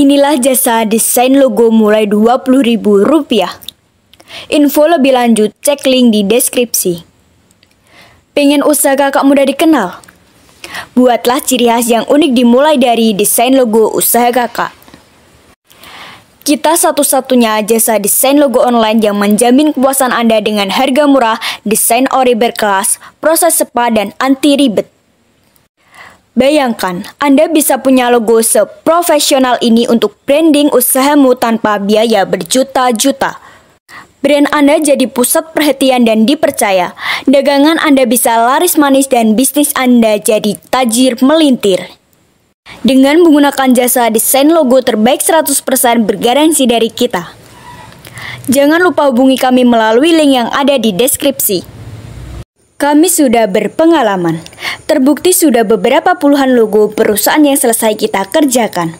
Inilah jasa desain logo mulai Rp20.000. Info lebih lanjut cek link di deskripsi. Pengen usaha kakak muda dikenal? Buatlah ciri khas yang unik dimulai dari desain logo usaha kakak. Kita satu-satunya jasa desain logo online yang menjamin kepuasan Anda dengan harga murah, desain ori berkelas, proses sepa, dan anti ribet. Bayangkan, Anda bisa punya logo seprofesional ini untuk branding usahamu tanpa biaya berjuta-juta. Brand Anda jadi pusat perhatian dan dipercaya. Dagangan Anda bisa laris manis dan bisnis Anda jadi tajir melintir. Dengan menggunakan jasa desain logo terbaik 100% bergaransi dari kita. Jangan lupa hubungi kami melalui link yang ada di deskripsi. Kami sudah berpengalaman. Terbukti sudah beberapa puluhan logo perusahaan yang selesai kita kerjakan.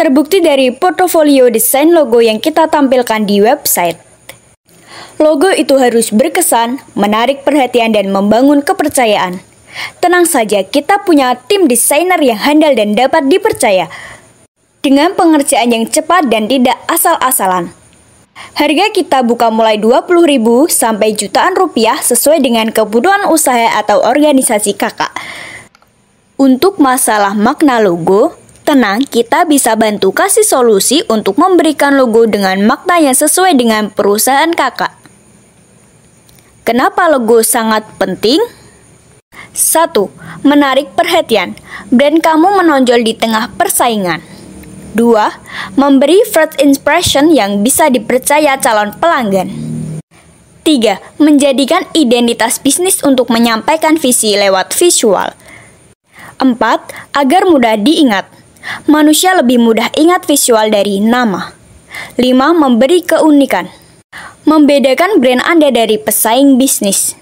Terbukti dari portofolio desain logo yang kita tampilkan di website. Logo itu harus berkesan, menarik perhatian dan membangun kepercayaan. Tenang saja, kita punya tim desainer yang handal dan dapat dipercaya dengan pengerjaan yang cepat dan tidak asal-asalan. Harga kita buka mulai 20.000 ribu sampai jutaan rupiah sesuai dengan kebutuhan usaha atau organisasi kakak. Untuk masalah makna logo, Tenang, kita bisa bantu kasih solusi untuk memberikan logo dengan makna yang sesuai dengan perusahaan kakak. Kenapa logo sangat penting? 1. Menarik perhatian. Brand kamu menonjol di tengah persaingan. 2. Memberi first impression yang bisa dipercaya calon pelanggan. 3. Menjadikan identitas bisnis untuk menyampaikan visi lewat visual. 4. Agar mudah diingat. Manusia lebih mudah ingat visual dari nama. 5. Memberi keunikan. Membedakan brand Anda dari pesaing bisnis.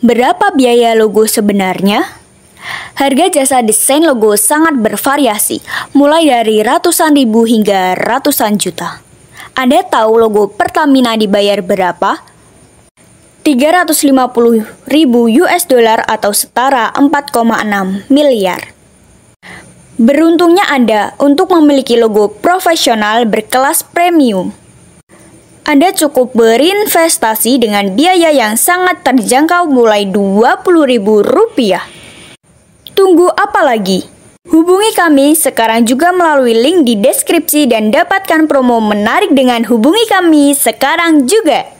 Berapa biaya logo sebenarnya? Harga jasa desain logo sangat bervariasi, mulai dari ratusan ribu hingga ratusan juta. Anda tahu logo Pertamina dibayar berapa? 350 ribu US dollar atau setara 4,6 miliar. Beruntungnya Anda untuk memiliki logo profesional berkelas premium. Anda cukup berinvestasi dengan biaya yang sangat terjangkau mulai ribu rupiah. Tunggu apa lagi? Hubungi kami sekarang juga melalui link di deskripsi dan dapatkan promo menarik dengan hubungi kami sekarang juga.